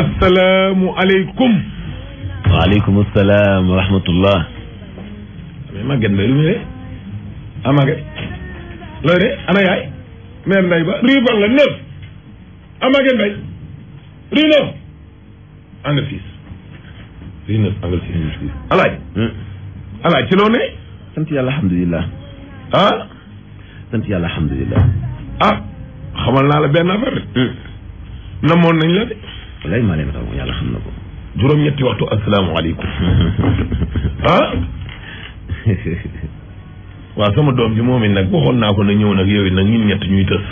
السلام عليكم وعليكم السلام ورحمة الله ما جن ميلو مي أما قد لا ليه أنا ياي ميم نايبا ريبا نيف أما جن مي رينف أنا فيس رينف أنا فيس ألاي ألاي تلوني سنتي الحمد لله ها سنتي الحمد لله ah xamal naa la benn affaire namoon nañ la de lay maa leen raw yàlla xam na ko juróom-ñetti waxtu asalaamaaleykum ah waaw sama doom ji moom it nag waxoon naa ko na ñëw nag yooyu nag ñun ñett ñuy tës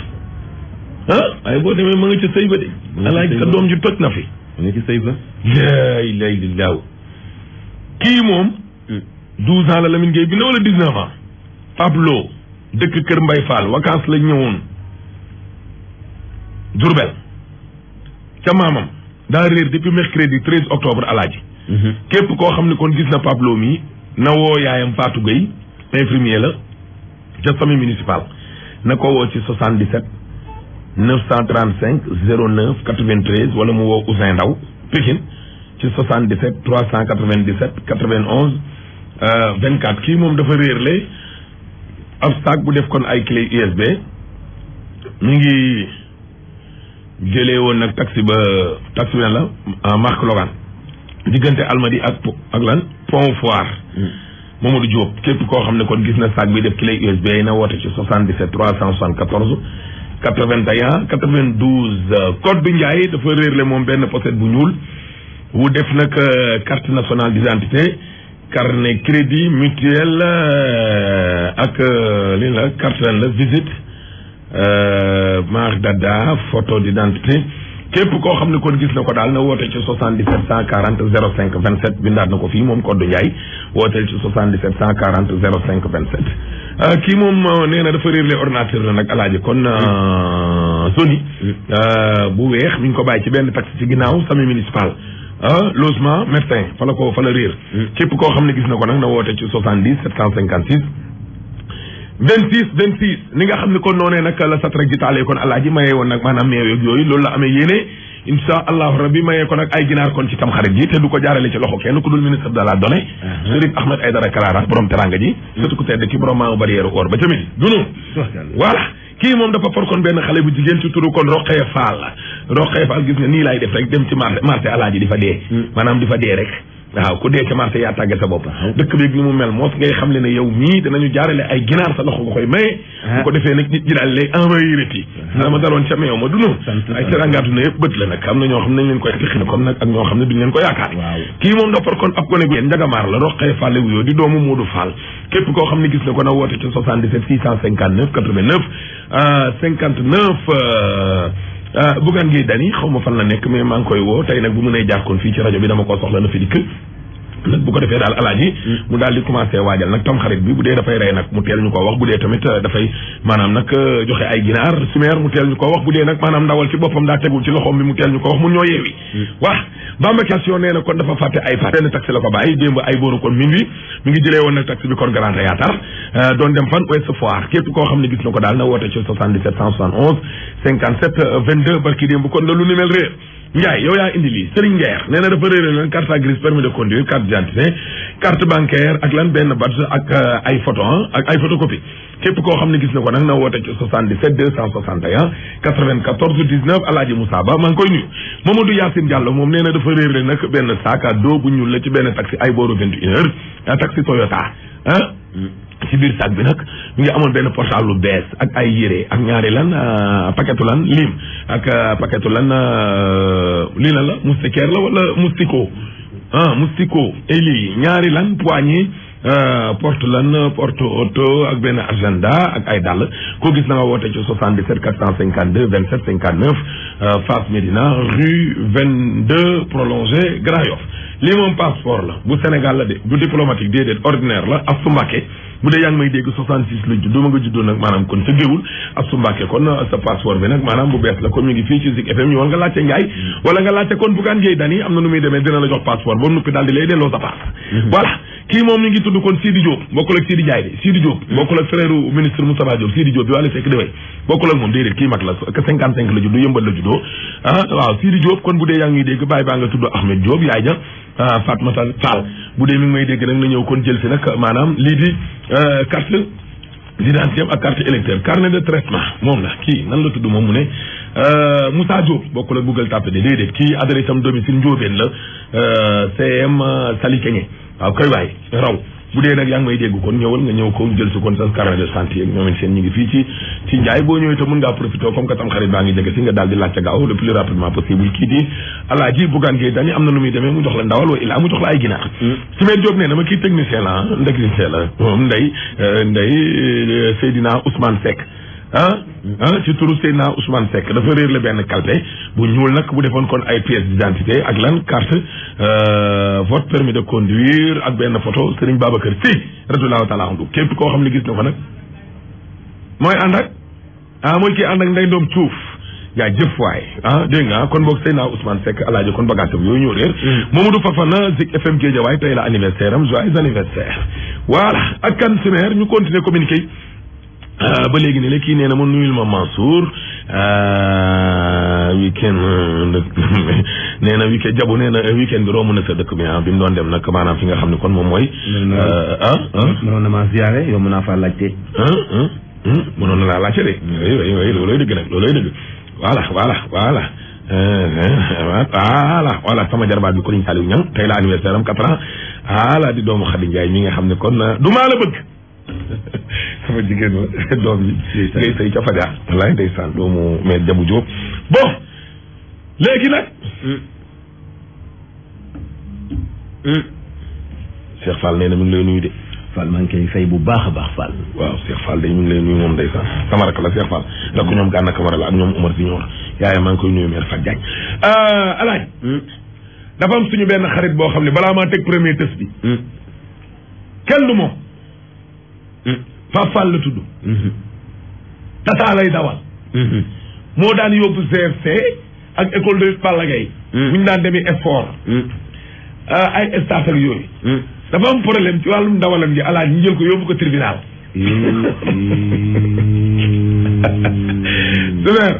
ah? waaye boo demee ma nga ca sëy ba de alaaj sa doom ji toj na fi ma nga ci sëy ba laa ilaaha illallaah kii moom hmm. douze ans la Lamine Gueye bi na wala dix-neuf Pablo dëkk Kër Mbay Fall vacances lañ ñëwoon Diourbel ca maamam daa réer depuis mercredi 13 octobre alaaji mhm. képp koo xam ne kon gis na Pablo mi na woo yaayam Fatou Gueye infirmier la ca sami municipal na ko woo ci 77 935 09 93 wala mu woo Ousin Ndaw Pikine ci 77 397 91 24 kii moom dafa réer le ab sac bu def kon ay clé USB mi ngi jëlee woon taxi ba taxi bi la en euh, marque Logan diggante Almadi ak ak lan Pont Foire hmm. Mamadou Diop képp ko xamné kon gis na sac bi def lay USB na woté ci 77 374 81 92 code bi Ndiaye dafa rerlé mom ben pochette bu ñuul wu def nak euh, carte nationale d'identité carnet crédit Mutuel euh, ak lila carte lan visite Euh, maar dada photo d'identité képp koo xam ne kon gis na ko daal na woote ci 77 140 05 27 bindaat na ko fii moom Codé Ndiaye wooteel ci 77 140 05 27. kii moom euh, nee dafa réer les ordinateurs la nag alaaji kon euh, Sony bu weex mi ngi ko bàyyi ci benn taxi ci ginnaaw sami municipal. logement médecin fa la ko fa la réer. képp koo xam ne gis na ko nag na woote ci 70 756. 26 26 li nga xam ne kon noonee nag la satra gi taalee kon alaaji mayee woon nag maanaam meew yooyu loolu la amee yéene insha allahu rabbi mayee ko nag ay ginaar kon ci tam xarit ji te du ko jaarale ci loxo kenn ku dul ministre de la donnée uh-huh. Serigne Ahmed Aidara Karara borom teranga ji hmm. surtout ku tedd ki borom maamu barrière or ba tamit dunu voilà kii moom dafa for kon benn xale bu jigéen ci turu kon Roqee Fall Roqee Fall gis nga nii laay def rek dem ci marché marché alaaji di fa hmm. maanaam di fa dee rek waaw ku dee ca marché yaa tàgge sa bopp dëkk beeg ni mu mel moos ngay xam le ne yow mii danañu jaarale ay ginaar sa loxo nga koy maye ah. bu ko defee nag nit ñi daal lay envoyé rit ah. dama daloon ca meew ma dunu ay terangaatu ne yëpp bët la nag ñoo xam ne nañ leen koy xixi ñoo xam ne duñ leen ko yaakaar kii moom noppar kon ab gone gu njagamaar la roqee Fall wuyoo di doomu Modou Fall képp koo xam ne gis na ko na woote ci 77 659 89 59 Euh, Bougane gi Dany xaw ma fan la nekk mais maa ngi koy woo tey nag bu mu nee jàkkoon fii ci rajo bi dama ko soxla na fi dikk nag bu ko defee daal alaaji mm. mu daal di commencé waajal nag tam xarit bi bu dee dafay rey nag mu teel ñu ko wax bu dee tamit euh, dafay maanaam nag euh, joxe ay ginaar simeer mu teel ñu ko wax bu dee nag maanaam ndawal ci boppam daa tegul ci loxoom bi mu teel ñu ko wax mun ñoo yeewi mm. waaw Bamba Calcio nee na kon dafa fàtte ay fàtte taxi la ko bàyyi démb ay kon min wi mi ngi jëlee woon nag taxi bi kon Grand Théâtre euh, doon dem fan Ouest Foire képp koo xam ne gis na Ndiaye yow yaa indi lii Serigne Nguer nee na dafa réeré leen de conduire carte d'identité ak lan benn bat ak euh, ay photo ah, ak ay photocopie képp koo xam ne gis na ko nag na woote ci 77 261 94 19 Alaaji Moussa Ba maa ngi koy nuyu Mamadou Yacine Diallo moom nee na dafa réeré nag benn sac à bu ñuul la ci benn taxi ay booru 21 heures taxi Toyota ah hmm. ci biir sac bi nag ñu ngi amoon benn portable lu bees ak ay yére ak ñaari lan euh, paquetu lan lim ak euh, paquetu lan euh, lii lan la moustiquaire la wala moustico ah moustico lii ñaari lan poignée porte lan porte auto ak benn agenda ak ay dàll koo gis na nga woote ci 77 452 27 59 Fass Médina rue 22 prolongé Grand Yoff lii moom passeport la bu Sénégal la de du diplomatique déedéet ordinaire la ak su bu dee yaa may dégg 66 la juddoo ma nga juddoo nag maanaam kon sa géewul ab su mbàkke kon sa passeport bi nag maanaam bu bees la comme ñu ngi fii ci Zik FM ñëwal nga laajte Ndiaye wala nga laajte kon Bougane Gueye Dany am na nu muy demee dina la jox passeport ba nuppi daal di lay delloo sa passe mhm. voilà kii moom ñu ngi tudd kon Sidi Diop bokkul ak Sidi Ndiaye de Sidi Diop mhm. bokkul ak frère ministre Moustapha Diop Sidi Diop bi wàllu fekk dewey bokkul ak moom la cinquante cinq la la juddoo ah kon yaa ngi dégg bàyyi baa Fatmata Tall bu dee mi ngi may dégg nag na ñëw kon jël si nag maanaam lii di carte d'identité ak carte électeur carnet de traitement moom la kii nan la tudd moom mu ne Moussa Diop bokkul ak Google tàppe de déedéet kii adresse am domicile Ndiobène la CM Sali Keñe waaw koy waay raw bu dee nag yaa ngi may dégg kon ñëwal nga ñëw ko jël si kon sa carnet de chantier ak ñoom seen ñu ngi fii ci ci Ndiaye boo ñëwee te mën comme que tam xarit baa ngi jege si nga daal di laajte gaaw le plus rapidement possible kii di alaaji Bougane Gueye Dany am na nu muy demee mu jox la ndawal wa illaa mu jox la ay ginaar hmm. Semaine Diop nee na ma kii technicien la ah technicien la moom nday ah ah ci turu Seydina dafa réer la benn kalpe bu ñuul nag bu defoon kon ay pièces d'identité ak lan carte euh, vote permis de conduire ak benn photo Serigne Babacar Sy radiyallahu taala anhu képp koo xam ne gis na ko nag mooy ànd ak ah mooy kii ànd ak nday doom cuuf yaa jëf waay ah dégg nga kon boog Seydina Ousmane Seck alaajo kon bagage am yooyu ñoo réer mm. Mamadou Fafana Zik FM Guédiawaye tey la anniversaire am joyeux anniversaire voilà ak kan sumaire ñu continuer communiquer Euh, ba léegi ne la kii nee na ma nuyul ma euh, weekend na weekend jabu nee weekend bi romb na sa dëkk bi ah, mu doon dem na maanaam fi nga xam ne kon moom mooy. Euh, ah ah. mënoon na maa ziare yow mën naa faa laajte. Ah, ah, mënoon na laa laajte de. oui oui loolooy dëgg nag loolooy dëgg voilà voilà voilà. voilà la anniversaire am quatre ans di doomu Khady Ndiaye mi nga xam ne kon du maa bëgg. sama jigéen la doom yi ngay sëy ca fajar wallaay ndeysaan doomu mais jabu jóob bon léegi nag hmm. Hmm. Cheikh Fall nee na mi ngi lay nuyu de Fall maa ngi koy bu baax a baax Fall waaw Cheikh Fall de mi ngi lay nuyu moom ndeysaan sama rakk la Cheikh Fall hmm. ndax ko ñoom gànna Kamara la ak ñoom Omar Siñoor yaaye maa ngi koy nuyu maire Fat Diagne euh, dafa am suñu benn xarit boo xam ne balaa maa teg premier test bi kenn du moom Pape la tudd. Mhm. tasaa lay dawal. Mhm. moo daan yóbbu CFC ak école de Balla Gaye. bu mhm. ñu daan demee effort. Ah, ay staff ak yooyu. dafa am problème ci wàllum dawalam ji alaaj ñu jël ko yóbbu ko tribunal. sévère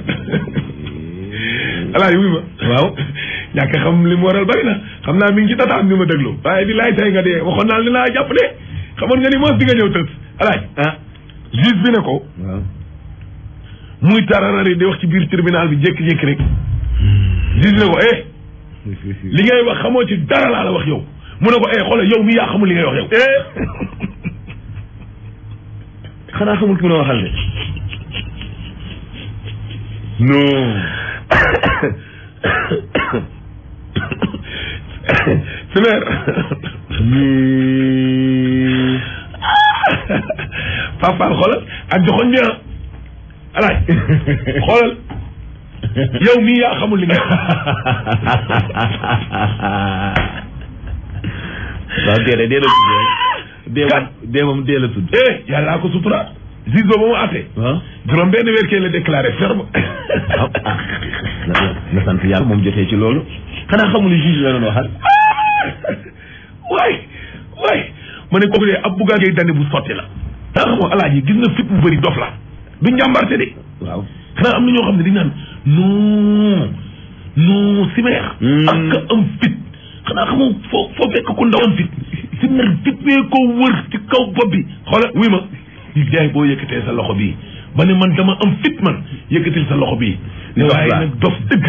alaaj wuy ma waaw. ñàkk xam li mu waral bari na xam naa mi ngi ci tataam ñu ma déglu. waaye bi laay tey nga dee waxoon naa li laa jàpp de xamoon nga ni moos di ñëw tës. alaaj ah. juge bi ne ko ah. muy tararari di wax ci biir tribunal bi jékki-jékki rek juge ne ko eh li ngay wax xamoo ci dara laa la wax yow mu ne ko eh xoolal yow mi yaa xamul li ngay wax yow eh. xanaa xamul ki mu ne waxal de non su meer Fapal xoolal ak joxoon ñaa ah. alaaj xoolal yow mii yaa xamul li nga waaw dee de dee la tudd dee moom dee moom dee eh, ko sutura zizo ba mu àttee juróom benn weer kee la déclaré ferme ah, ah. nga sant yàlla moom jotee ci loolu xanaa xamul juge la doon waxal waay waay ma ne kooku de ab buggaan ngay dandi bu sotti la da nga xam alaaji gis nga fit bu bëri dof la du njàmbarte de waaw xanaa na ñoo xam ne dañu naan non non simeex hmm. ko ci kaw bopp bi xoola wuy boo yëkkatee sa loxo bii ba ne man dama am fit man yëkkatil sa loxo bii ne waaye nag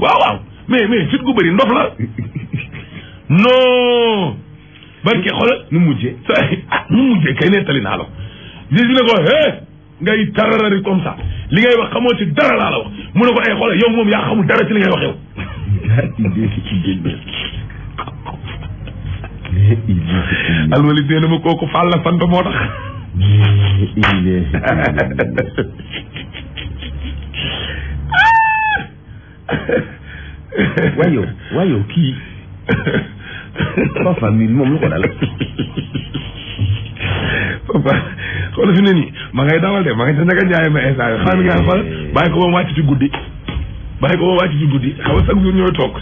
waaw waaw mais mais fit gu bëri ndof la non barke xoolal nu mujjee kay nettali naa la ko gis ne ko hee ngay tararari comme ça li ngay wax xamoo ci dara laa la mu ne ko ay eh, xoolal yow moom yaa xamul dara ci li ngay wax yow. alwali dee na ma kooku fàll la fan ba moo tax. waaye papa mi moom lu ko dal papa xoolal fi ne nii ma ngay dawal de ma ngay naka njaay ma instant xam nga xool ko ba mu guddi bàyyi ko ba mu guddi xam nga chaque jour ñooy toog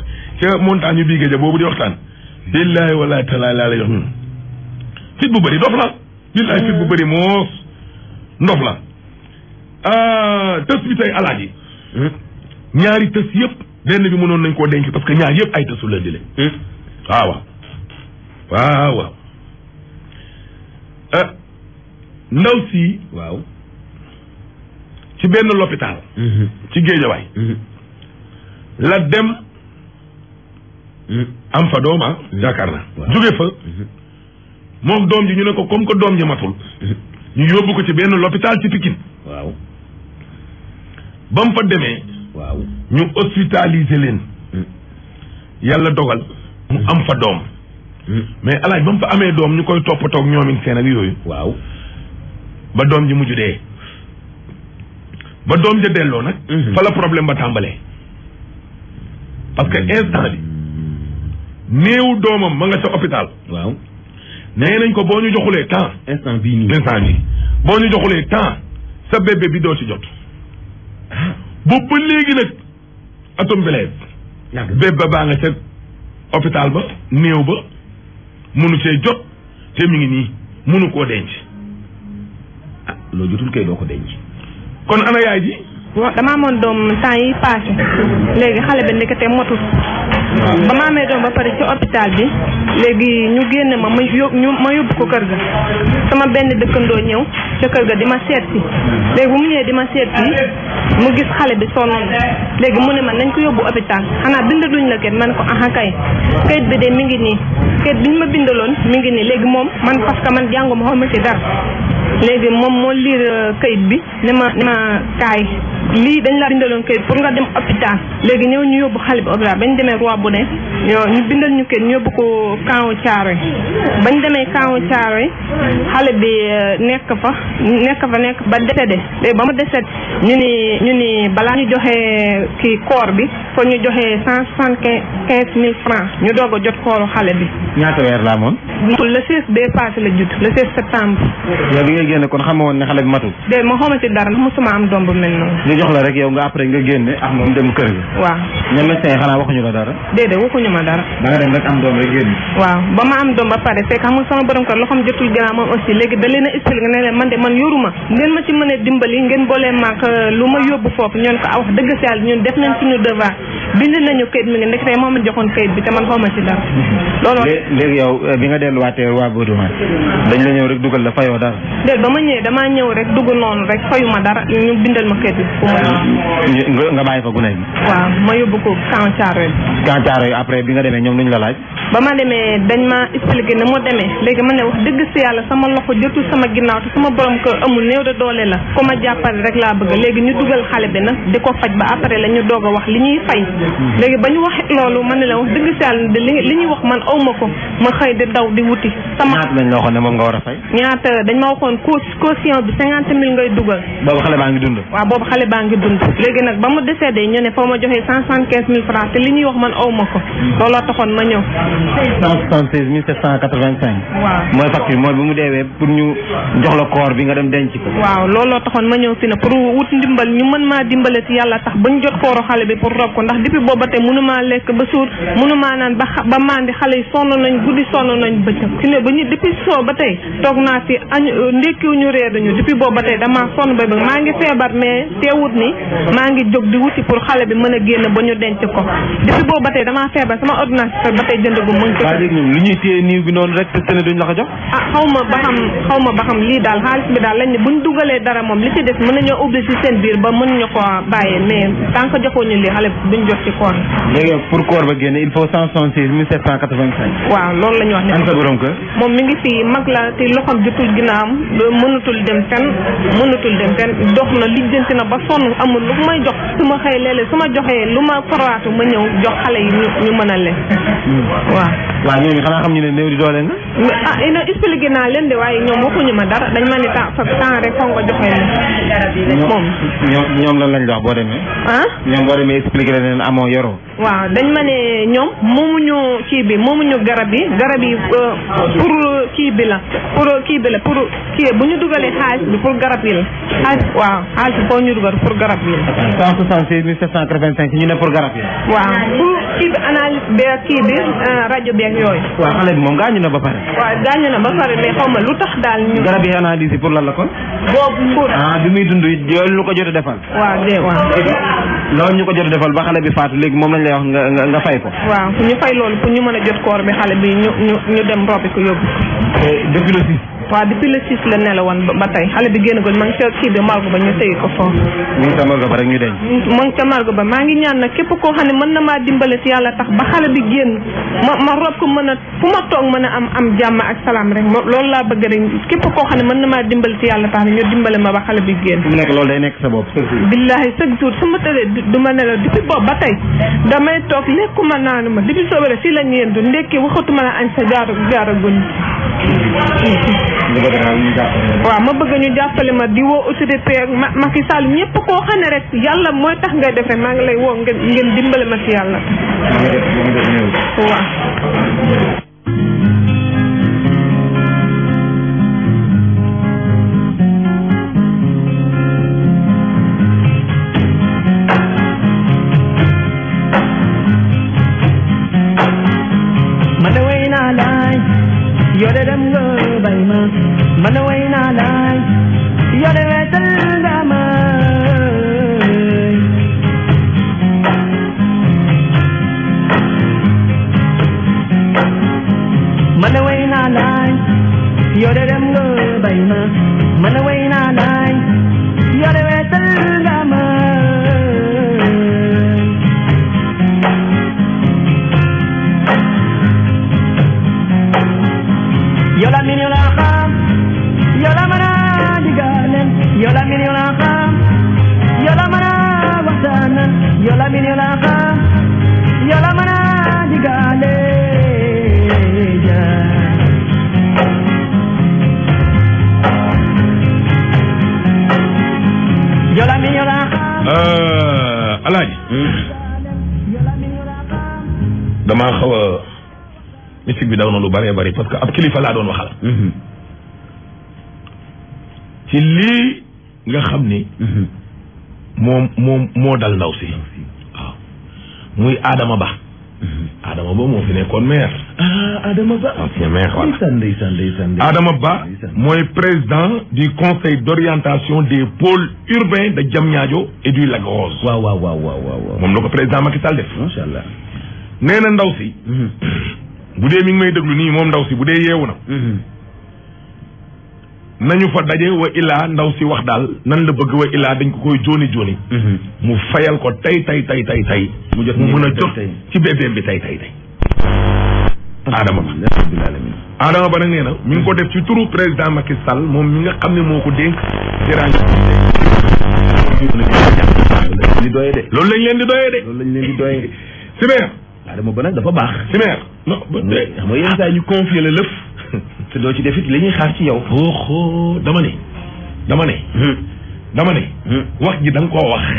ca montagne yu bii boobu di waxtaan billaahi wallaahi taalaa laa lay wax ñun fit bu bëri dof la billaahi fit bu bëri moos ndof la ah, tës bi tey alaaj yi hmm? ñaari tës yëpp benn bi mënoon nañ koo denc parce que ñaar yëpp ay tësu la di le hmm? waaw waaw waaw eh, ndaw si waaw ci benn l'hôpital mm-hmm. ci géejawaay mm-hmm. la dem mm-hmm. am fa dooma ah, yaakaar na jóge fa moom doom ji ñu ne ko comme que doom ji matul ñu yóbbu ko ci benn l'hôpital ci Pikine waaw ba mu fa demee waaw ñu hospitalisé leen mm. yàlla dogal mu am fa doom hmm. mais alaaj ba mu fa amee doom ñu koy toppatoog ñoomin seen ak yooyu waaw ba doom ji mujj dee ba doom ja delloo nag hmm. fa la problème ba tàmbalee parce que hmm. instant bi néewu doomam ma nga sa hôpital waaw nee nañ ko boo ñu joxulee temps instant bii nii instant bii boo ñu joxulee temps sa bébé bi doo ci jot ah. boobu ba léegi nag atom belève bébé baa nga ca hôpital ba néew ba mënu cee jot te mi ngi nii mënu koo denc ah loo jotul kay doo ko denc kon ana yaay ji waaw dama amoon doom temps yi léegi xale bi ndekete motul ba ma amee doom ba pare ci hôpital bi léegi ñu génn ma ma yób ñu ma yóbbu ko kër ga sama benn dëkkandoo ñëw ca kër ga di ma seet si léegi bu mu ñëwee di ma seet si mu gis xale bi sonnoon léegi mu ne man nañ ko yóbbu hôpital xanaa bindaluñ la kenn man ko aha kay kayit bi de mi ngi nii kayit bi ñu ma bindaloon mi ngi nii léegi moom man parce que man jànguma xaw ma ci dara léegi moom moo liir euh, kayit bi ne ma ne ma kaay lii dañ la bindaloon kayit pour nga dem hôpital léegi ñëw ñu yóbbu xale bi hôpital bañ demee roi bu ne ñoo ñu bindal ñu kayit ñu yóbbu ko kaw caaro yi bañ demee kaw caaro yi xale bi euh, nekk fa nekk fa nekk ba décédé léegi ba mu décédé ñu ni ñu ni balaa ñu joxe kii koor bi foo ñu joxe cent soixante quinze mille francs ñu doog a jot kooru xale bi ñaata weer laa amoon le 16 bee passé la judd génne kon xama woon ne xale bi matul dé ma xawma ci dara ndax mosuma am doom bu mel noonu ñu jox la rek yow nga après nga génne ak ah, dem kër gi waaw ñoom médecin xanaa waxuñu la dara déedéet waxuñu ma dara da dem rek am doom rek génn waaw ba ma am doom ba pare fekk xam nga sama borom kër loxoom jotul gannaaw moom aussi léegi da leen a ne man de man yoruma ngeen ma ci mën a dimbali ngeen boolee maak euh, lu ma yóbbu foofu ñoon ko a ah, wax dëgg si yàlla ñun bind nañu kayit mi nga ndeketee moom la joxoon kayit bi te man xaw ma ci dara. looloo léegi yow eh, bi nga delluwaatee waa Bodouma dañ la ñëw rek dugal la fayoo dara. déet ba ma ñëwee damaa ñëw rek dugg noonu rek fayu ma dara ñu bindal ma kayit bi. ko nga bàyyi fa gune yi waaw ma yóbbu ko Camp Thiaroye. Camp Thiaroye après bi nga demee ñoom luñ la laaj. ba ma demee dañ ma expliqué ne moo demee léegi ma ne wax dëgg si yàlla sama loxo jotul sama ginnaaw te sama borom kër amul néew de doole la ku ma jàppale rek laa bëgg léegi ñu dugal xale nag di ko faj ba après la ñu doog wax li ñuy fay Mhm. léegi bañ wax loolu man la wax dëgg si yàlla de li ñuy wax man aw ma ko ma xëy di daw di wuti sama ñaata lañ la waxoon ne moom nga war a fay ñaata dañ ma waxoon cause caution bi cinquante mille ngay dugal boobu xale baa ngi dund waaw boobu xale baa ngi dund léegi nag ba mu décédé ñu ne foo ma joxee cent soixante quinze mille francs te li ñuy wax man aw ma ko mhm. looloo taxoon ma ñëw cent soixante seize mille sept cent quatre vingt cinq waaw mooy facture mooy bu mu deewee pour ñu jox la koor bi nga dem denc ko waaw looloo taxoon ma ñëw si na pour wut ndimbal ñu mën maa dimbale si yàlla tax bañ jot kooru xale bi pour rob ko ndax di depuis booba tey mënumaa lekk ba suur mënumaa naan ba ba mandi xale yi sonn nañ guddi sonn nañ bëccëg su ne ba ñu depuis soo ba tey toog naa si añ euh, ndékkiwu ñu reeduñu depuis boobu ba tey damaa sonn ba maa ngi feebar mais teewut ni maa ngi jóg di wuti pour xale bi mën a génn ba ñu denc ko depuis boobu tey damaa feebar sama ordonnance ba tey jënd gu mën ko lu ñuy téye niiw ah, ma ba xam xaw ma ba xam lii daal xaalis bi daal lañ ne dugalee dara moom li ci des mën nañoo ubbi si seen biir ba ci koor bi. léegi pour koor ba génne il faut cent waaw loolu la ñu wax ne. am sa borom kër. moom mi ngi fii mag la te loxoom jotul ginnaawam mënatul dem fenn mënatul dem fenn dox na lijjanti na ba sonn amul lu may jox su ma xëy léeg su ma joxee lu ma farwaatu ma ñëw jox xale yi ñu ñu mën a leen. Hmm. waaw. waaw ñooñu xanaa xam ñu ne néew di doole na. ah eh, non expliqué naa leen de waaye ñoom waxuñu ma dara dañ ma ne temps fa temps rek foog nga joxe moom. ñoom ñoom lan lañ wax boo demee. ah ñoom boo demee expliqué amoo yoroo. waaw dañ ma ne ñoom moomuñu kii bi moomuñu garab yi garab euh, pour kii bi la pour kii bi la pour kii bu ñu dugalee xaalis pour garab yi la xaalis waaw xaalis bi foo ñu dugal pour garab yi la. 166 1785 ñu ne pour garab yi. waaw pour kii bi analyse beeg kii bi euh, rajo beeg yooyu. waaw bi moom gaañu na ba pare. waaw gaañu na ba pare mais xaw ma lu tax daal ñu. garab pour la kon. boobu pour. ah bi muy dund yooyu lu a de faatu léegi moom lañ lay wax nga nga fay ko. waaw ñu fay loolu pour ñu mën a jot koor bi xale bi ñu ñu ñu dem robbi ko yóbbu. Eh, depuis le 3 depuis le 6 la nelawoon ba tey xale bi génn ko ma ngi ca margo ba ko foofu. maa ngi ñaan nag képp koo xam ne mën na maa dimbale si yàlla tax ba xale bi génn ma ma rob ko mën a fu ma toog mën a am am jàmm ak salaam rek loolu laa bëgg rek képp koo xam ne mën na maa dimbale si yàlla tax ne ñu dimbale ma ba xale bi génn. mu nekk nekk sa billaahi su ma tëddee du ma nelaw depuis boobu ba tey damay toog lekkuma naanu ma depuis soobee fii la ñu yendu ndekki waxatuma la añ sa jaaro jaaro waaw ma bëgg ñu jàppale ma di woo autorité Macky Sall ñëpp koo xam ne rek yàlla mooy tax ngay defee maa ngi lay woo ngeen ngeen dimbale ma ci yàlla waaw You're the damn girl man away na damaa xaw a mystique bi daw na lu bëree bëri parce que ab kilifa laa doon waxal. Mhm. ci lii nga xam ni. Mhm. moom moom moo dal ndaw si. waaw muy Adama Ba. Mhm. Adama Ba moo fi nekkoon maire. ah Adama Ba. ancien maire voilà Adama Ba mooy président du conseil d'orientation des pôles urbains de Diamniadio et du Lac Rose. waaw waaw waaw waaw waaw. moom la ko président Macky Sall def. macha allah. nee na ndaw si. Mhm. bu dee mi ngi may déglu nii moom ndaw si bu dee yeewu na. Mhm. nañu fa daje wa illaa ndaw si wax daal nan la bëgg wa illaa dañ ko koy jooni jooni mhm. mu fayal ko tey tey tay tey tey. mu jot mu mën a jot ci bébéem bi tay tey tey. Ba. Adama Ba nag nee na mi ngi ko def ci turu président Macky Sall moom mi nga xam ne moo ko dénk. loolu lañ leen di doyee de. loolu lañ leen di doyee Adama Ba nag dafa baax. si meer non ba mm. tey xam nga yenn saa ñu confier la lëf. te doo ci def it li ñuy xaar ci yow. xooxoo oh, oh, dama ne. dama ne. Mm. dama ne. Mm. wax ji da koo wax.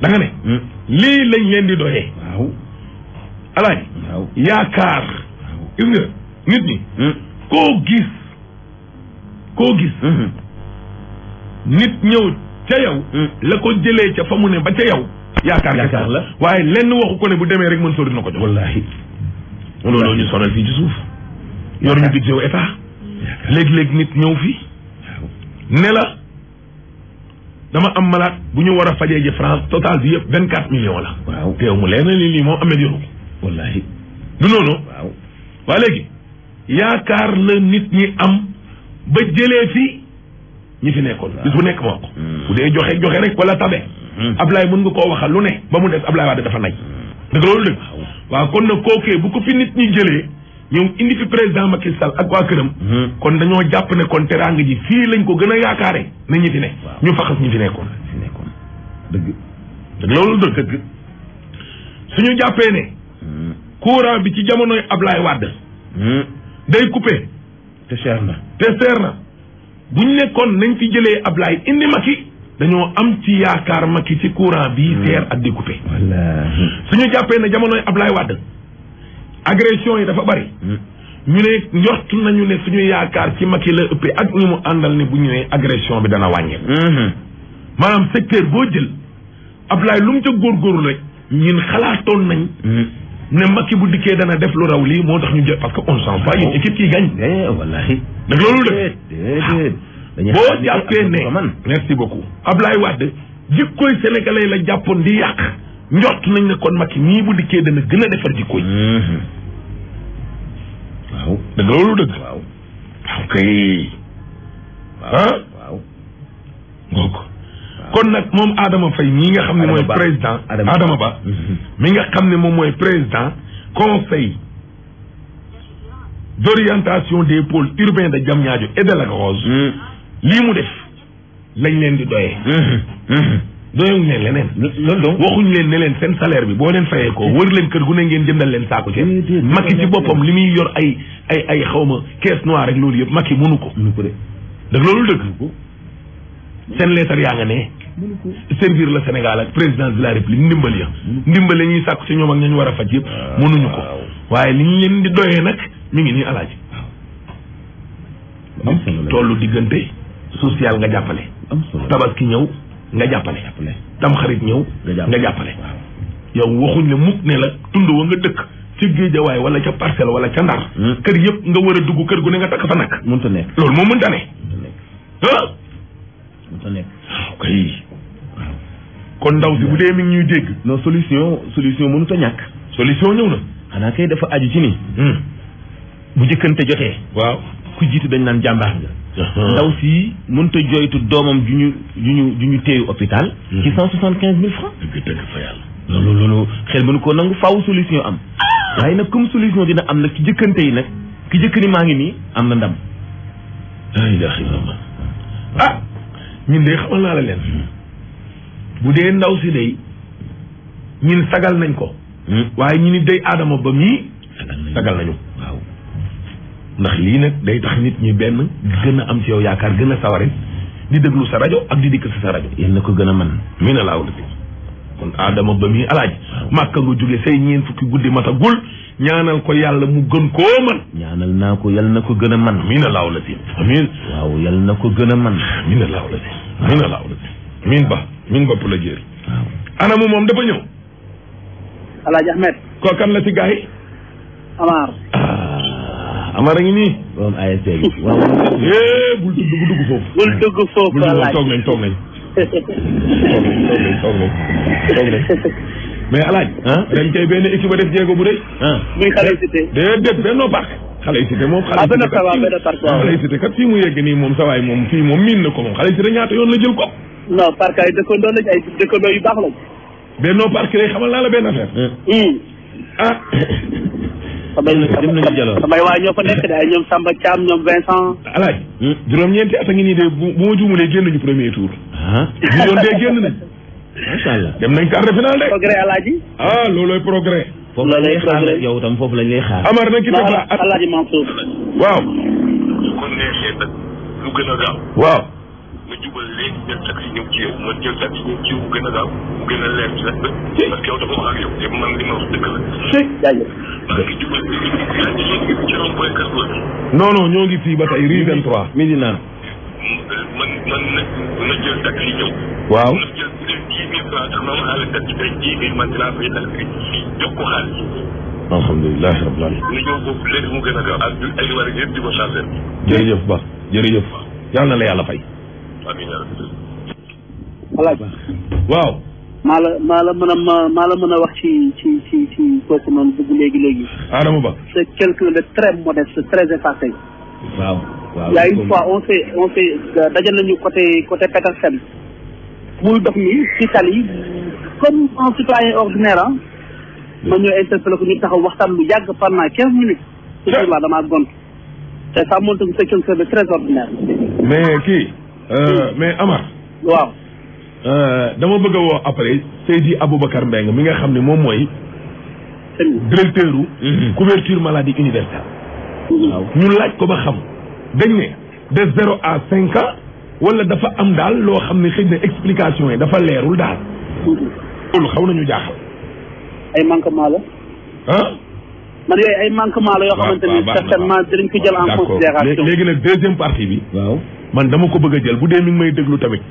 da ne. lii lañ leen di doyee. waaw. alaaji. waaw yaakaar. waaw gis nga nit ñi. koo gis. koo gis. Mm-hmm. nit ñëw ca yow. la ko jëlee ca fa ne ba ca yow. yaakaar yaakaar la waaye lenn waxu ko ne bu demee rek mën sori na ko jox wallaahi looloo ñu sonal fii ci suuf yor ñu budget wu léeg-léeg nit ñëw fi ne la dama am malaat bu ñu war a fajee ji France total bi yëpp vingt quatre millions la waaw teew mu leer lii moom am na yoru ko wallaahi du noonu waaw léegi yaakaar la nit ñi am ba jëlee fi ñi fi nekkoon bu nekk moo ko hmm. bu dee joxe joxe rek wala tabe Hmm. Ablaye mën nga koo waxal lu ne ba mu def Ablaye Wade dafa nay hmm. dëgg loolu dëgg ah waaw kon nag kookee bu ko fi nit ñi jëlee ñoom indi fi président ki Sall ak waa këram hmm. kon dañoo jàpp ne kon teraanga ji fii lañ ko gën a yaakaare na ñi fi ne ñu faxas ñi fi nekkoon dëgg dëgg loolu dëgg dëgg suñu jàppee ne courant bi ci jamonoy Ablaye Wade day coupé te seer na te seer na buñ nekkoon nañ fi jëlee Ablaye indi Macky dañoo am ci yaakaar Macky ci courant bi seer hmm. ak découpé suñu jàppee ne jamonoy Ablaye Wade agression yi dafa bari hmm. ñu ne njort nañu ne suñu yaakaar ci Macky la ëpp ak ñu mu àndal ne bu ñëwee agression bi dana wàññeeku hmm. maanaam secteur boo jël Ablaye lu mu ca góorgóorlu rek ñun xalaatoon nañ ne Macky bu dikkee dana def lu raw lii moo tax ñu jël parce que on sent pas yéen équipe kii gañ nag loolu def boo jàppee ne merci beaucoup Ablaye Wade jikkoy sénégalais la jàppoon di yàq njort nañ ne kon Macky nii bu dikkee dana gën a defar jikko yi mhm. waaw dëgg loolu dëgg waaw waaw waaw kon nag moom aadama Faye mii nga xam ne mooy président Adama Ba mhm. mi nga xam ne moom mooy président conseil d'orientation des pôles urbains de Diamniadio et de Lac Rose mhm. lii mu def lañ leen di doyee mm-hmm. mm-hmm. doyuñ leen leneen loolu donc waxuñ leen ne leen seen salaire bi boo leen fayee ko wër leen kër gu ne ngeen jëndal leen saako ceeb Macky ci boppam li muy yor ay ay xawma caisse noire rek loolu yëpp Macky mënu ko dëgg loolu dëgg seen lettre yaa nga ne servir la Sénégal ak présidence de la république ndimbal ya ndimbal la ñuy sàkku ci ñoom ak ñañ war a faj yëpp ah, mënuñu ko waaye li ñu leen di doyee nag mi ngi nii alaaji tollu diggante social nga jàppale. tabaski ñëw nga jàppale. tamxarit ñëw. nga jàppale yow waxuñ ne mukk ne la tund wa nga dëkk. ca géejawaay wala ca parcelle wala ca ndar. Hmm. kër yëpp nga war a dugg kër gu ne nga takk fa nag. mënta nekk loolu moom mënta ne. ah. mënta nekk ah, kay. kon ndaw si bu dee mi ñuy dégg. non solution solution mënut a ñàkk. solution ñëw na. xanaa kay dafa aju ci ni. Hmm. bu jëkkante jotee. waaw ku jiitu dañ naan jàmbaar nga. Uh-huh. ndaw si mënut a jooytu doomam ju ñu ju ñu ju ñu téyu hôpital. Uh-huh. ci cent soixante quinze mille francs. dëgg dëgg loolu loolu xel mënu nangu faaw solution am. waaye nag comme solution dina am nag ki jëkkante yi nag ki jëkk ni maa ngi nii am na ndam. laa ilaaha illallaah ah ñun de xamal naa la leen hmm. bu dee ndaw si day ñun sagal nañ ko. Hmm. waaye ñu ni aadama ba mii. sagal nañu. ndax lii nag day tax nit ñi benn gën a am ci yow yaakaar gën a saware di déglu sa rajo ak di dikk si sa rajo yéen na ko gën a man mii na laaw la ti kon aadama ba muy alaaj màkka nga jóge say ñeen fukki guddi matagul ñaanal ko yàlla mu gën koo man ñaanal naa ko yal na ko gën a man mii na laaw la ti na ko gën a man mii na laaw la miin ba miin bopp la jéeri anamu moom dafa ñëw alaaj Ahmed koo la ci gars yi Amar ah, Amar a ngi nii. moom ASC bi waaw. bul dugg dugg foofu. bul dugg foofu walaay toog nañ toog nañ. toog nañ toog nañ mais alaaj ren kay benn équipe a def jéego bu rëy. muy xale cité. déedéet benn parc. xale cité moom xale ah, cité kat waaw benn parc waaw xale cité kat fii mu yegg nii moom sawaay moom fii moom miin na ko moom xale cité ñaata yoon la jël ko. non parc ay dëkkandoo lañ ay dëkkandoo yu baax lañ. benn parc rek xamal naa la benn affaire. Hmm. ah. sabay dem nañu Jaloor sabay waaye ñoo fa nekk de ñoom Samba Thiam ñoom Vincent. alaaj juróom-ñeenti at a ngi nii de bu bu ma juumalee génn ñu premier tour. bu yoon dee génn nañ. macha allah dem nañ quart de finale de. progrès alaaji. ah loolooy progrès. foofu lañ xaar yow tam foofu lañ lay xaar. Amar nag ki tax alaaji Mansour. waaw. kon waaw. jël taxi non non ñoo ngi fii ba tey rue 23 Médina. man waaw na jël dix mille francs sax ma ma àll taxi tey dix mille man dinaa alaaj waaw maa la maa la mën a ma maa la mën a wax ci ci ci ci kooku noonu dugg léegi léegi Adama Ba c'est quelqu'un de très modeste très effacé waaw waaw yaa une fois on s'est on s'est daje nañu côté côté Petersen muy dox ni ci tali yi comme un citoyen ordinaire ah ma ñëw interpellé ko ñu taxaw waxtaan lu yàgg pendant quinze minutes ce jour là damaa gont te ça montre que c'est quelqu'un de très ordinaire mais kii euh, mais Amar waaw Euh, dama bëgg a woo après Seydi Aboubacar Mbengue mi nga xam ne moom mooy directeur u mhm. couverture maladie universelle waaw ñu laaj ko ba xam dañ ne de zéro a cinq ans wala dafa am daal loo xam ne xëy ne explication yi dafa leerul daal mhm. loolu xaw nañu jaaxal ay manquement la ah man yooyu ay manquement la yoo xamante ni certainement dinañ ko jël en considération léegi nag deuxième partie bi waaw man dama ko bëgg a jël bu dee mi ngi may déglu tamit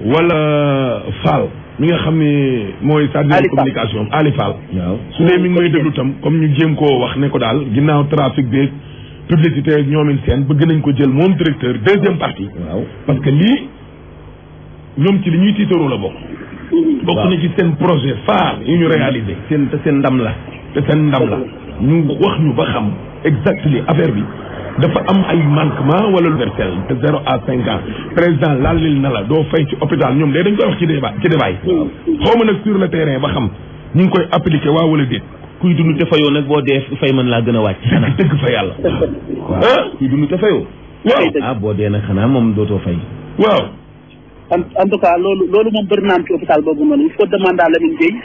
wala fal, mwenye khami mwoy sa deyèl komunikasyon, ale fal. Sounè mwenye mwenye devloutan, kom mwenye jem ko wak nekodal, gina w trafik dek, publikitek nyo men sèn, be genen ko djel moun direktor, dezyen parti. Patke li, mwenye mwenye mwenye titor ou la bok. Bok mwenye gisen proje fal, mwenye rey alidek. Tsen dam la, tsen dam la. Mwenye wak mwenye bakam, exact li, averbi. dafa am ay manquement wala universel de zéro à cinq ans président laal na la doo fay ci hôpital ñoom léegi dañ koy wax ci débat ci débat nag sur le terrain ba xam ñu ngi koy appliqué waa wala déet kuy dund te fayoo nag boo dee fay man laa gën a wàcc xanaa dëgg fa yàlla waaw ah? kuy dund te fayoo waaw ah boo dee nag xanaa moom dootoo fay waaw en tout cas loolu loolu moom bëri naam ci hôpital boobu noonu il faut demander à Lamine Gueye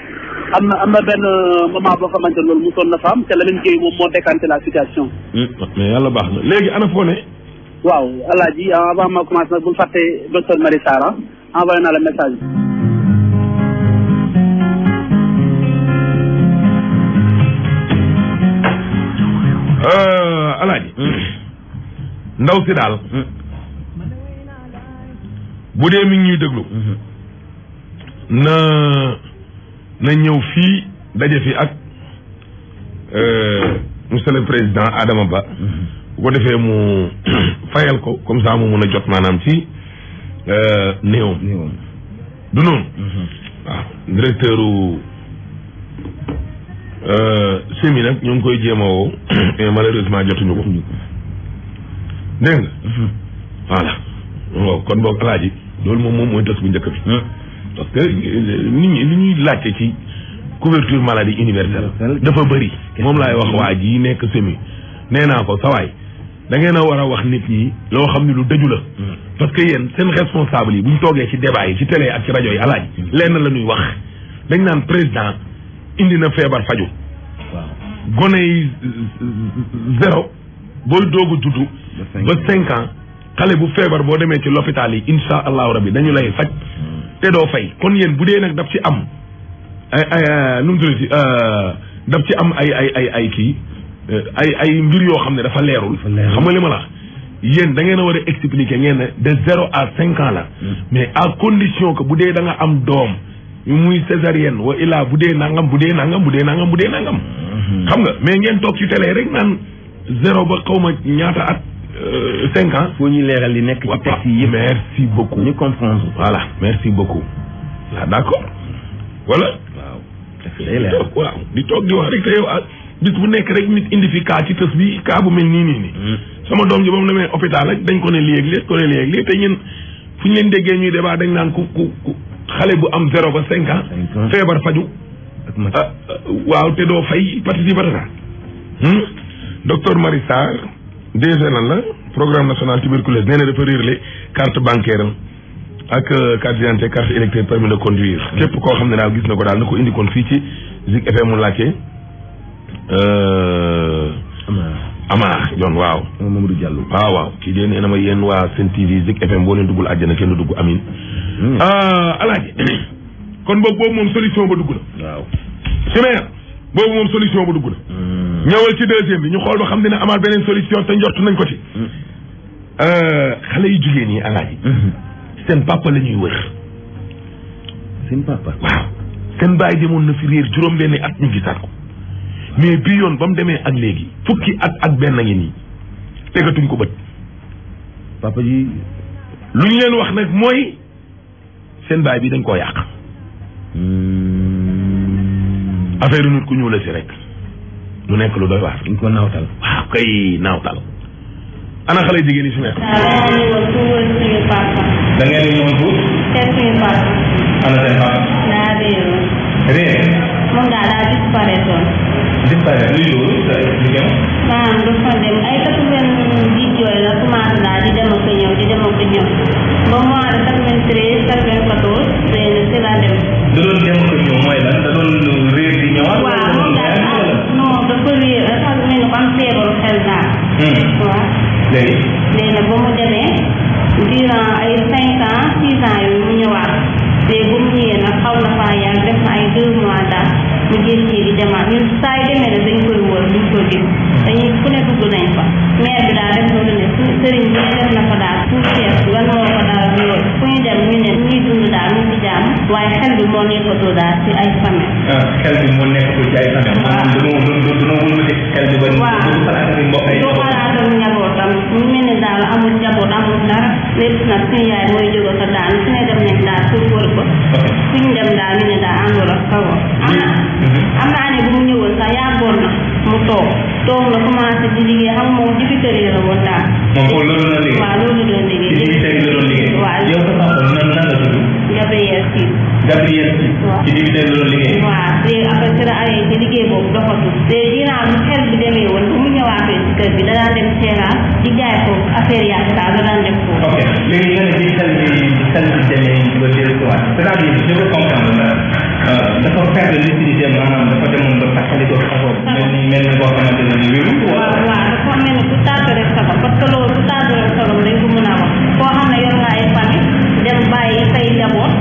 am na am na benn euh, moment boo xamante ne loolu mosoon na fa am te la leen moom moo décanté la situation. Hmm, mais yàlla baax na léegi ana a ne. waaw alaaji ah, avant ma commencé nag bul fàttee docteur Marie Sarr ah, envoyé naa la message bi. Euh, alaaji hmm. ndaw si daal hmm. bu dee mi ngi ñuy déglu na na ñëw fii daje fi ak euh, monsieur le président Adama Ba mm-hmm. bu ko defee mu fayal ko comme ça mu mun a jot maanaam ci euh, néewam du noonu mm-hmm. waaw directeur u euh, semi nag ñu ngi koy jéem a woo malheureusement jotuñu ko dégg nga mm-hmm. voilà kon boog alaaji loolu moom moom mooy tas bu njëkk bi parce que nit ñi li ñuy laajte ci couverture maladie universelle dafa bari moom laay wax waa ji nekk semi nee naa ko sawaay da ngeen a war a wax nit ñi loo xam ne lu dëju la parce que yéen seen responsable yi bu ñu toogee ci débat yi ci télé ak ci rajo yi alaaj lenn la ñuy wax dañ naan président indi na feebar faju gone yi zéro booy doogu juddu ba cinq ans xale bu feebar boo demee ci l'hôpital yi insha allahu rabbi dañu lay faj te doo fay kon yéen bu dee nag daf ci am ay ay nu mu euh, daf ci am ay ay ay ay kii ay ay mbir yoo xam ne dafa leerul. xam nga li ma la yéen da ngeen a war a expliquer ngeen ne de zéro à cinq la. Mm. mais à condition ko bu dee danga am doom. muy césarienne wa illaa bu dee nangam bu dee nangam bu dee nangam bu dee nangam. Mm-hmm. xam nga mais ngeen toog ci télé rek naan zéro ba kaw ma ñaata at. Euh, cinq ans. foo ñuy leeral li nekk ci texte yi yëpp. merci beaucoup ñu comprendre. voilà merci beaucoup. ah d' accord. waaw daf lay waaw di toog di wax rek te ah, bis bu nekk rek nit indi fi kaa ci bi kaa bu mel nii nii nii. Hmm. sama doom ji ba mu demee hôpital rek dañ ko ne léegi léegi ko ne léegi léegi te ñun fu ñu leen déggee ñuy débat dañ naan ku ku ku xale bu am zéro ba cinq ans. feebar faju ah, waaw te doo fay parti di patata. docteur DG lan la programme national tuberculose nee na dafa réerle carte bancaire ak euh, carte d'identité carte électeur permis de conduire mm-hmm. képp koo xam ne daal gis na ko daal na ko indi kon fii ci Zik FM mu laajte euh, Amar John waaw Mamadou Diallo waaw waaw kii dee nee na ma yéen waa Sen TV Zik FM boo leen duggul àjjana kenn du dugg amin mm. ah, alaaji kon boobu moom solution ba dugg na waaw boobu moom solution bu dugg la. Hmm. ñëwal ci deuxième bi ñu xool ba xam dina amaal beneen solution te njort nañ ko ci. Hmm. Euh, xale yu jigéen ñi alaaji. Hmm. seen papa la ñuy wër. seen papa waaw. seen baay demoon na fi réer juróom benni at ñu gisaat ko mais bii yoon ba mu demee ak léegi fukki at ak benn ngi nii tegatuñ ko bët. papa ji. lu ñu leen wax nag mooy seen baay bi dañ koo yàq. affaire nit ku la ci rek mu nekk lu doy waar ko nawtal waaw ah, kay nawtal ana xale jigéen yi su nekk da ngeen ñëw bu ana seen papa naa réeru réer moom daal daa disparaîtoon disparaître luy loolu sa liggéeyam maam du fa dem ay katu wen di jooy la commencé naa di dem ak di dem ak ñëw ba mois de 93 94 si la dem dem ak lan da doon ñëwaat. waaw moom daal non dafa wéer dafa mel ni ko am feebaru xel daal. waaw. léegi. léegi nag ba mu demee durant ay cinq ans six ans yooyu mu ñëwaat léegi bu mu ñëwee nag xaw na faa yàgg def na ay deux mois daal mu jékki di demaat ñun saa yu demee nag dañ koy wër duñ ko gis dañuy ku ne dugg nañ fa maire bi daal def na lu ne sëriñ bi def na fa daal pour waaye xel bi moo nekkatoo daal ci ay famille. Ah, xel bi moo nekkatoo ci ay famille. waaw maanaam du du du du xel bi ba. waaw du xalaatam mbokk ay. du xalaatam njabootam mu mel ni daal amul njaboot amul dara lépp nag suñu yaay mooy jóge ko daal su ne dem nañ daal pour wër ko. suñ dem daal ne mhm. bu mu ñëwoon sax yàggoon na mu toog toog na commencé di liggéey xam moom la woon daal. moom foofu loolu la doon liggéey. waaw loolu la doon liggéey. jibitëri Gabriel ci diggante loolu liggéey. waaw léegi après ci la ay ci liggéey boobu doxatu léegi dinaa am xel bi demee woon bu mu ñëwaatee ci kër bi danaa dem Cera di jaay ko affaire yaa ngi taal danaa def ko. ok léegi nga ne bi xel bi xel bi demee ba dellusiwaat c'est-à-dire je veux comprendre euh, dafa perdre lucidité maanaam dafa demoon ba taxali ko xasoo mel ni mel ni boo xamante ne nii wéru. waaw waaw dafa mel ni ku tàggat rek sabab parce que loolu ku tàggat rek sabab dañ ko mën a wax koo xam ne yor nga ay famille dem bàyyi say njaboot.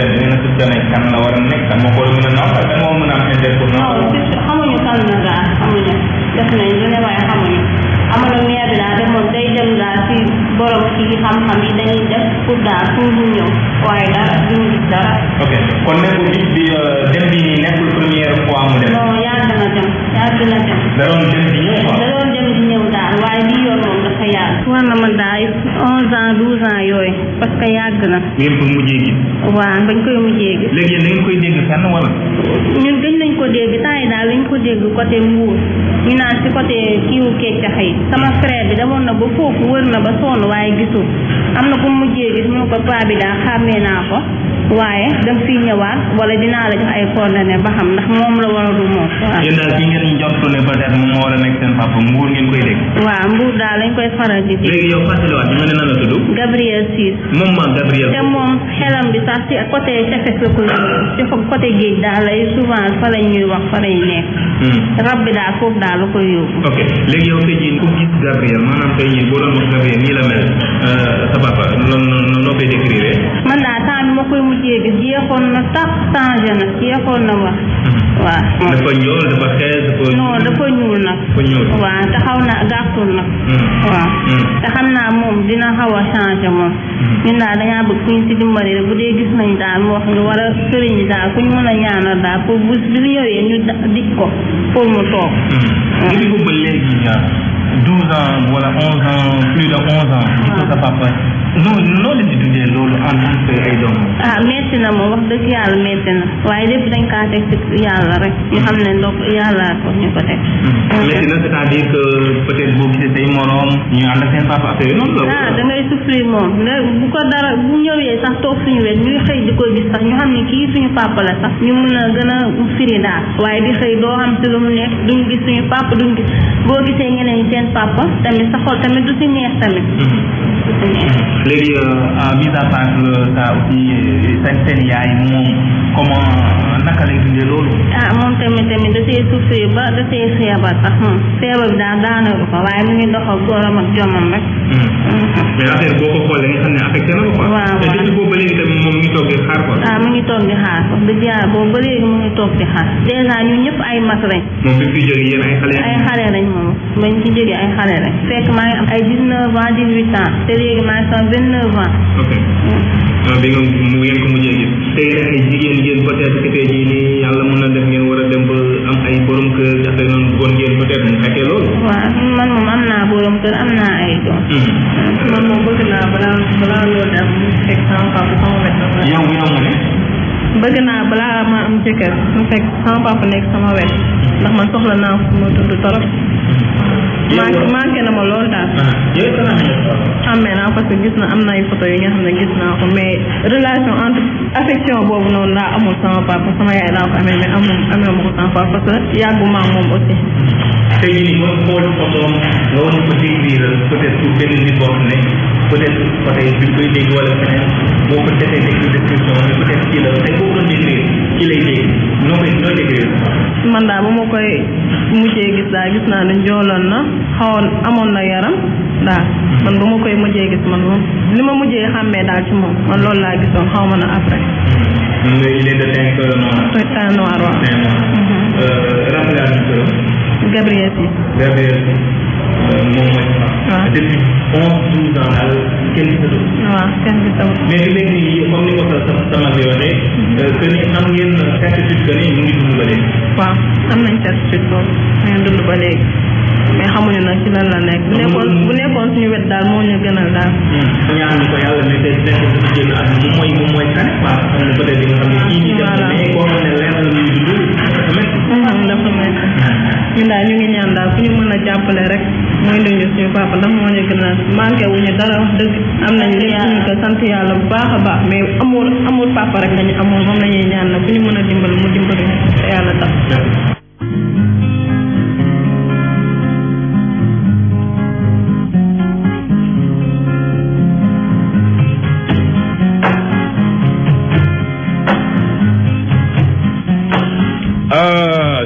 xamante ne dina tudd ne kan la war a nekk kan moo ko war a mën a noppal kan moo mën a am intérêt pour noppal. xamuñu kan la daal xamuñu def nañ lu ne waaye xamuñu amana meer bi daal moom day dem daal si borom kii xam-xam yi dañuy def pour daal pour ñu ñëw waaye dara duñu gis dara. ok kon nekkul bi bi euh, dem bi nii nekkul première fois mu dem. non yàgg na dem yàgg na dem. da doon dem di ñëw quoi. da doon dem di ñëw daal waaye bii yoon moom mariage wala man daal onze oh, ans douze ans yooyu parce que yàgg na. ngeen ko mujjee koy mujjee gis. léegi yéen da koy dégg fenn wala. ñun gëj nañ ko dégg temps yi daal lañ ko dégg côté Mbour ñu naan si côté kiiwu keccax yi sama frère bi demoon na ba foofu wër na ba sonn waaye gisul am na ku mujjee gis mu ko paa bi daal xàmmee naa ko. waaye daf fiy ñëwaat wala dinaa la jox ay coordonnées ba xam ndax moom la war a du moom. waaw yéen daal ki ngeen jot ne peut être moom moo war a nekk seen papa mbuur ngeen koy dégg. waaw mbuur daal lañ koy faral di. léegi yow fàttaliwaat bi nga ne nan la tudd. Gabriel Ciss. moom ma Gabriel. te moom xelam bi sax ci côté Cefes la ko yëngu ci côté géej daal lay souvent fa lañ ñuy wax fa lay nekk. Hmm. rab bi daal foofu daal la koy yóbbu. ok léegi yow tey jii ku gis Gabriel maanaam tey jii boo doon wax Gabriel nii la mel euh, sa papa noo noo noo koy décrire. man daal temps bi ma koy mujj dossier bi jeexoon na sax changé na jeexoon na wax waaw dafa ñuul dafa xees dafa non dafa ñuul nag waaw te xaw na gàttul nag waaw te xam naa moom dina xaw a changé moom ñun daal dañaa bëgg ku ñu si bu dee gis nañ daal mu wax ñu war a sëriñ daal ku ñu mën a ñaanal daal pour bu bi ñëwee ñu dik ko pour mu toog. 12 ans wala 11 ans plus de 11 ans. waaw sa papa noonu noonu la ñu dundee loolu en tant que ay doom. ah métti na moom wax dëgg yàlla métti na waaye lépp dañ kaa teg ci yàlla rek. ñu xam ne donc ko ñu ko hmm. na c'est-à-dire que peut-être boo gisee say moroom ñu ànd ak seen papa affaire noonu la. ah da ngay souffrir moom bu ko dara bu ñëwee sax toog suñu wet ñuy xëy di ko gis sax ñu xam ne kii suñu papa la sax ñu mun a gën a firi daal waaye di xëy doo xam si lu mu nekk duñ gis suñu papa duñ gis boo gisee ñeneen seen papa tamit sa xol tamit du si neex tamit. Mm-hmm. léegi en euh, mise à part ça aussi euh, seen seen yaay moom comment naka lay dundee loolu. ah moom tamit tamit da see souffrir ba da see feebar sax moom feebar bi daal daanaka ko waaye mu ngi doxal góoram ak jomam rek. Mm-hmm. Mm-hmm. mais affaire boo ko xoolee nga xam ne affecté na ko quoi. waaw waaw te depuis boobu ba léegi tamit moom mu ngi toog di xaar quoi. ah mu ngi toog di xaar wax dëgg yàlla mu ngi toog di xaar dèjà ñun ñëpp ay mag lañ. ay xale. ay xale rek fekk maa ngi am ay dix neuf ans dix huit ans te léegi maa ngi sama vingt neuf ans. ok mm. ah, bi nga mu ngeen ko mujjee gis tey nag ay jigéen ngeen peut être que tey jii nii yàlla mën na def ngeen war a dem ba am ay borom kër dafay noonu bëggoon ngeen peut être mu fekkee loolu. waaw man moom am naa borom kër am naa ay doom. Mm-hmm. man moom bëgg naa balaa balaa loolu daal mu fekk sama papa sama wet. yow yow nga bëgg naa bala ma am jëkkër mu fekk sama papa nekk sama wet na man soxla naa fu ma dund torop na ma loolu daal ah, a naa parce que gis na am na ay photo yi nga xam ne gis naa ko mais relation entre affection boobu noonu laa amul sama papa sama yaay laa ko amee mais amul amee ma ko sama papa parce que yàgguma moom aussi tey jii nii boo xool photo nga woon ko décrire peut être benn nit boo xam ne peut être côté bi koy dégg wala feneen boo ko defee boo ko déggee ci lay dégg noo koy noo déggee man daal ba ma koy mujjee gis daal gis naa ne njooloon na xawoon amoon na yaram daal man ba ma koy mujjee gis man moom li ma mujjee xàmmee daal ci moom man loolu laa gisoon xaw ma na après. il est de Gabriel Sy. moom mooy waaw depuis onze douze ans daal kenn gisatu waaw kenn gisatu mais fi nekk nii comme ni ko sa sama bi waxee que ni am ngeen certitude que ni mu ngi dund ba léegi waaw am nañ certitude boobu mu ngi dund ba léegi mais xamuñu nag ci lan la nekk bu nekkoon bu nekkoon suñu wet daal moo ñu gënal daal ñaan ñu ko yàlla mais tey nekk bu génn ak moom mooy moom mooy tane quoi am na peut-être yi nga xam ne kii nii def mais koo xam ne leer na ñuy dund dafa métti dafa métti ñun daal ñu ngi ñaan daal ku ñu mën a jàppale rek mooy nuyu suñu papa ndax moo ñu gën a manqué wuñu dara wax dëgg am nañ lépp ñu ko sant yàlla bu baax a baax mais amul amul papa rek lañu amul moom la ñuy ñaan la ku ñu mën a dimbal mu dimbali te yàlla tax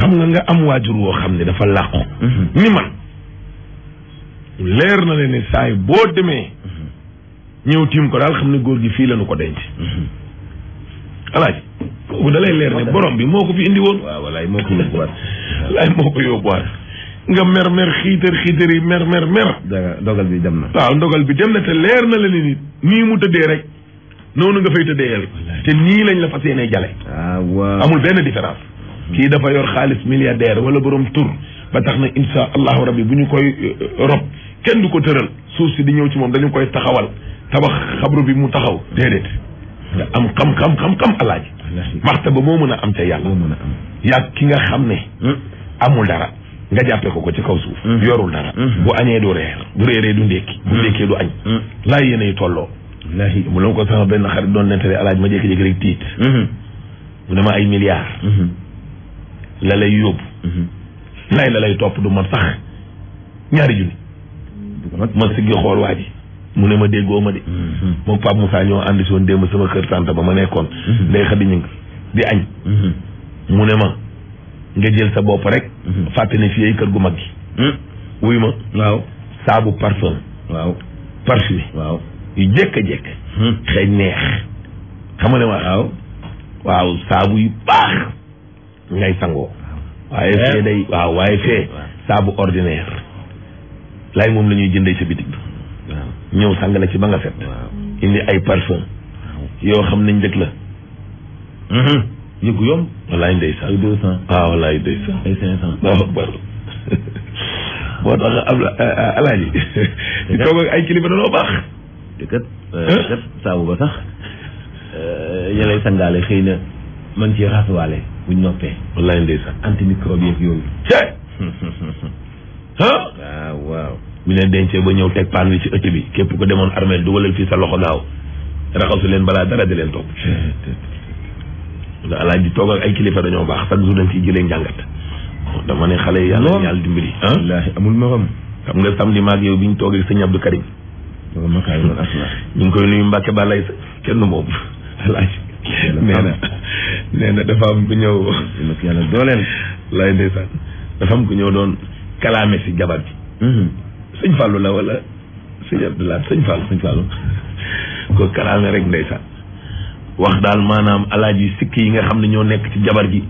xam nga nga am waajur woo xam ne dafa làqu mhm. ni man leer na leen ne saay boo demee mhm. ñëw tiim ko daal xam ne góor gi fii lañu ko denc mhm. alaaji kooku da lay leer ne borom bi moo ko fi indi woon waaw walaay moo ko yóbbuwaat walaay moo ko yóbbuwaat nga mer mer xiitar xiitar yi mer mer mer ndogal bi dem na waaw ndogal bi dem na te leer na la ne nit nii mu tëddee rek noonu nga fay tëddee te nii lañ la fas yéenee jale ah, amul benn différence kii dafa yor xaalis milliardaire wala borom tur ba tax na insha allahu rabbi bu ñu koy eh, rob kenn du ko tëral suuf si di ñëw ci moom dañu koy taxawal tabax xabru bi mu taxaw déedéet nga am xam-xam xam-xam alaaji moo mën a am ca yàlla yàgg ki nga xam ne hmm. amul dara nga jàppe ko ko ci kaw suuf hmm. yorul dara hmm. bu añee du reer bu réeree du ndékki bu ndékkee du añ laay yéen ay tolloo wallaahi mu la ko sama benn xarit doon nettali alaaj ma jékki-jékki rek tiit mu ay milliards la lay yóbbu mhm. lay la topp du ma sax ñaari junni ma siggi xool waa ji mu ne ma déggoo ma de mhm. moom Pape Moussa ñoo ànd si démb sama kër tànt ba ma nekkoon mhm. ndey xadi ñëng di añ mu ne ma nga jël sa bopp rek fàtte ne kër gu mag gi hmm? wuy ma waaw saabu parfum waaw parfum waaw yu jekk a jekk hmm. xeeñ neex xam ma waaw waaw saabu yu baax ngay sangoo waaye fee eh? day waaw waaye fee saabu ordinaire lay moom lañuy jëndee sa bitig bi ñëw sang la ci ba nga set ay parfum yoo xam nañ njëkk la yëgu mm-hmm. yomb wallaay ndeysaan deux cent ah, waaw wallaay saabu ba sax euh, yelay sangaale xëy na man ci raasuwaale buñ noppee. wallaay ndeysaan antimicrobe yeeg yooyu. cee. ah. waaw waaw. bu ne dencee ba ñëw teg paan bi ci ëtt bi képp ku demoon armeel dugalal fii sa loxo daaw raxasu leen balaa dara di leen topp. nga alaaj di toog ak ay kilifa dañoo baax chaque jour dañ ciy jëlee njàngat. Oh, dama ne xale yi yàlla na yàlla amul morom. xam nga samedi maag yow bi ñu toogee sëñ Abdou Karim. waaw Makaay man asalaam. ñu ngi koy nuyu Mbacke Balaye kenn moom alaaj. nee nee na dafa am ku ñëw. dina ko yàlla dooleel. lay ndeysaan ñëw doon kalaame si jabar ji. Mhm. sëñ Fallou la wala sëñ Abdoulaye sëñ Fallou sëñ Fallou ko kalaame rek ndeysaan wax daal maanaam alaaji sikk yi nga xam ne ñoo nekk ci jabar ji.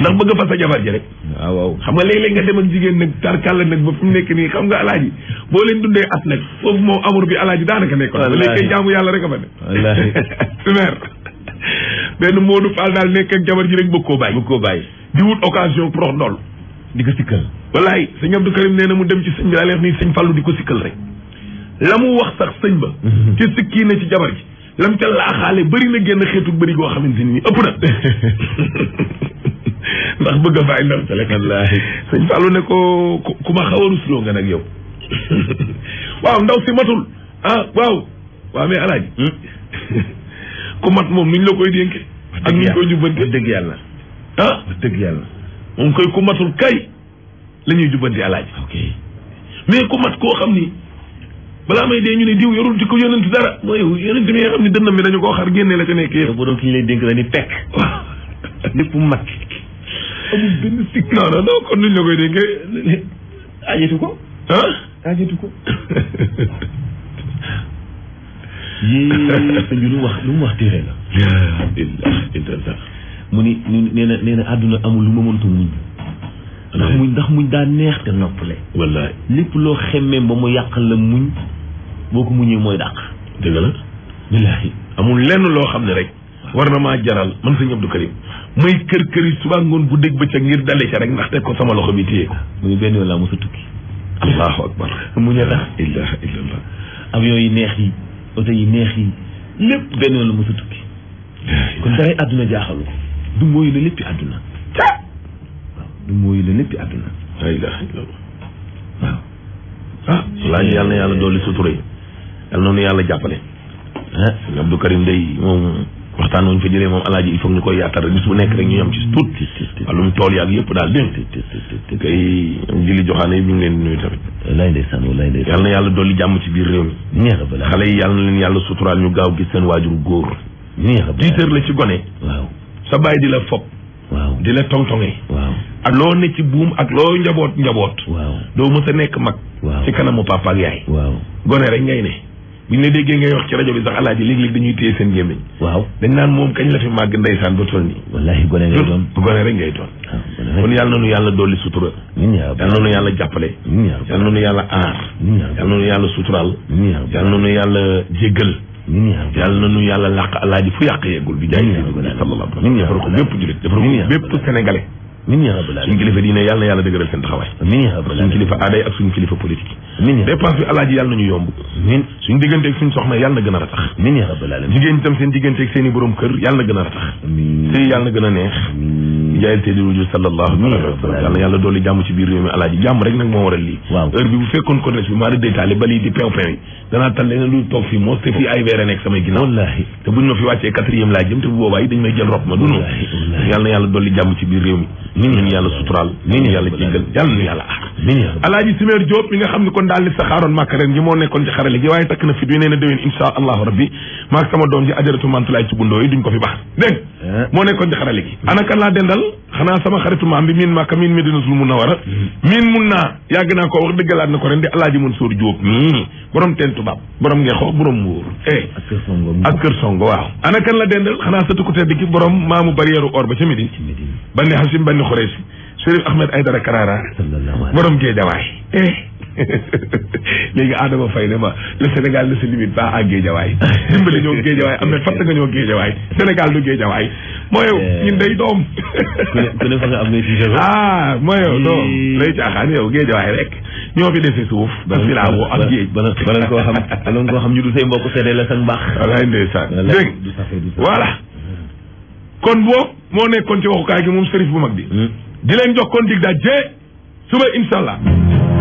ndax bëgg fa sa jabar ji rek. waaw waaw xam nga léeg-léeg nga dem ak jigéen nag tarkalla nag ba fi nekk nii xam nga alaaji boo leen dundee at nag foofu moom amour bi alaaji daanaka nekkoon. wallaahi ba léegi kay jaamu yàlla rek a fa ne. su meer. benn Modou Fall daal nekk ak jabar ji rek bëgg koo bàyyi. bëgg koo bàyyi di wut occasion pour ndool di ko sikkal. wallaay sëñ Abdou Karim nee na mu dem ci sëñ bi daa leex ni sëñ Fallou di ko sikkal rek la mu wax sax sëñ ba. Mhm. ci sikki na ci jabar ji. lam ca laaxaale bari na génn xeetu bëri goo xamante ni ëpp na ndax bëgg a bàyyi ndam ca la wallaahi ne ko ku ma xaw a rusloo nga nag yow. waaw ndaw si matul ah waaw waaw mais alaaji hmm? ku moom nuñ la koy dénkee. ak nuñ koy jubbante dëgg yàlla ah dëgg yàlla. moom koy ku matul kay la ñuy jubbante alaaji. ok mais ku koo xam ni balaa may dee ñu ne diw yorul ci ko yonent dara mooy yonent mi nga xam ne dënnam bi dañu koo xar génne la ca nekk yëpp. boo ki ñu lay dénk la ni pekk. waaw lépp mat. amul benn sikk. non kon nuñ la koy dénkee. aajatu ko. ah ko. yii sëñ bi lu mu wax lu mu wax téere la. alhamdulilah mu ni nee na àdduna amul lu ma mënta muñ. ndax muñ ndax daa neex te noppale. wallaay lépp loo xemmee ba mu yàq la muñ boo ko muñee mooy dàq. dëgg la. amul lenn loo xam ne rek. war na maa jaral man sëñ Abdou du may kër kër yi subaa ngoon bu guddeeg bëccëg ngir dale ca rek ndax te ko sama loxo bi téye ko. muy benn yoon mos a tukki. allahu akbar. muñ a tax. ilaaha illallah. avion yi neex yi. oto yi neex yi lépp benn yoon la mos a tukki kon daray àdduna jaaxalu ko du mooyu la léppi àdduna waaw du mooyu la léppi àdduna la ilaha illallah waaw ah laaj yàlla na yàlla dolli sutura yi yàlla noonu yàlla jàppale ah Abdou Karim day moom waxtaan woon fa jëlee moom alaaji il ñu koy yaatal rek bis bu nekk rek ñu yam ci tuut wàllum tool yaag yëpp daal dégg nga kay jili joxaane yi ñu ngi leen di nuyu tamit lay ndeysaan lay na yàlla dolli jàmm ci biir réew mi xale yi yal na leen yàlla suturaal ñu gaaw gis seen waajur góor dix heures la ci gone waaw sa bàyyi di la fob waaw di la tongtongee waaw ak loo ne ci buum ak loo njaboot njaboot waaw doo mës nekk mag ci kanamu papa ak yaay waaw gone rek ngay ne buñ la déggee ngay wax ci rajo bi sax alaaji léeg-léeg dañuy téye seen gémmiñ waaw dañ naan moom kañ la fi màgg ndeysaan ba toll nii wallaahi gone ngay doon gone rek ngay doon ah, kon yàlla nanu yàlla dolli sutura yàlla nanu yàlla jàppale yàlla nanu yàlla aar yàlla nanu yàlla suturaal yàlla nanu yàlla jéggal yàlla nanu yàlla làq alaaji fu yàq yeggul bi jaay sallallahu alayhi wa sallam defar ko bépp julit defar ko bépp sénégalais min kilifa diine yàlla na yàlla dëgëral seen taxawaay min yaa rabbal aalamiin suñu kilifa aaday ak suñu kilifa politique min dépense bi yàlla nañu yomb min suñu digganteeg soxna yàlla na gën a ratax min yaa rabbal aalamiin jigéen ñi tam seen digganteeg seen i borom kër yàlla a ratax sëy yàlla a neex jaayal teel wuju sallallahu alayhi wa sallam na yàlla dolli jàmm ci biir réew mi alaaji jàmm rek nag moo waral lii heure bi bu fekkoon ko danaa tal leneen lu toog fii moo te fii ay weer nekk samay ginnaaw te buñ ma fi wàccee quatrième laa jëm te bu boobaa yi dañ may jël rob ma dunu yàlla yàlla dolli jàmm ci biir réew mi ni leen yàlla suturaal ni leen yàlla jéggal yàlla na yàlla aar alaaji simeer Diop mi nga xam ne kon daal li saxaaroon màkk ren gi moo nekkoon ci xarale gi waaye takk na fit wi nee na déwén insha allahu rabbi maag sama doom ji ajaratu mantulaay ci bundoo yi duñ ko fi baax dégg eh. moo nekkoon ci xarale gi ana kan laa dendal xanaa sama xaritu maam bi miin màkka miin medinatul munawara hmm. miin mun naa yàgg naa ko wax dëggalaat na ko ren di alaaji Mansour Diop mii borom teen tubaab borom ngexo borom mbuur eh ak kër songo waaw ana kan la dendal xanaa sa tukkutee di ki borom maamu barrière or ba ca Médine Xuraysi Chérif Ahmed Aïdara Karara borom géejawaay eh. léegi Adama Faye ne ma le Sénégal ne se limite pas à géejawaay dimbale ñoo géejawaay am na fatt nga ñoo géejawaay Sénégal du géejawaay mooyow eh. ñun day doom ku ne fa nga am ne ci ah mooyow non lay hmm. caaxaan yow géejawaay rek ñoo fi dese suuf da villa boo ak géej bala nga koo xam bala ñu du say mbokk seede la sa mbaax walaay ndeysaan dégg voilà kon boo moo nekkoon ci waxukaay gi moom sërif bu mag bi hmm. di leen jox kon dig daal jee suba incha allah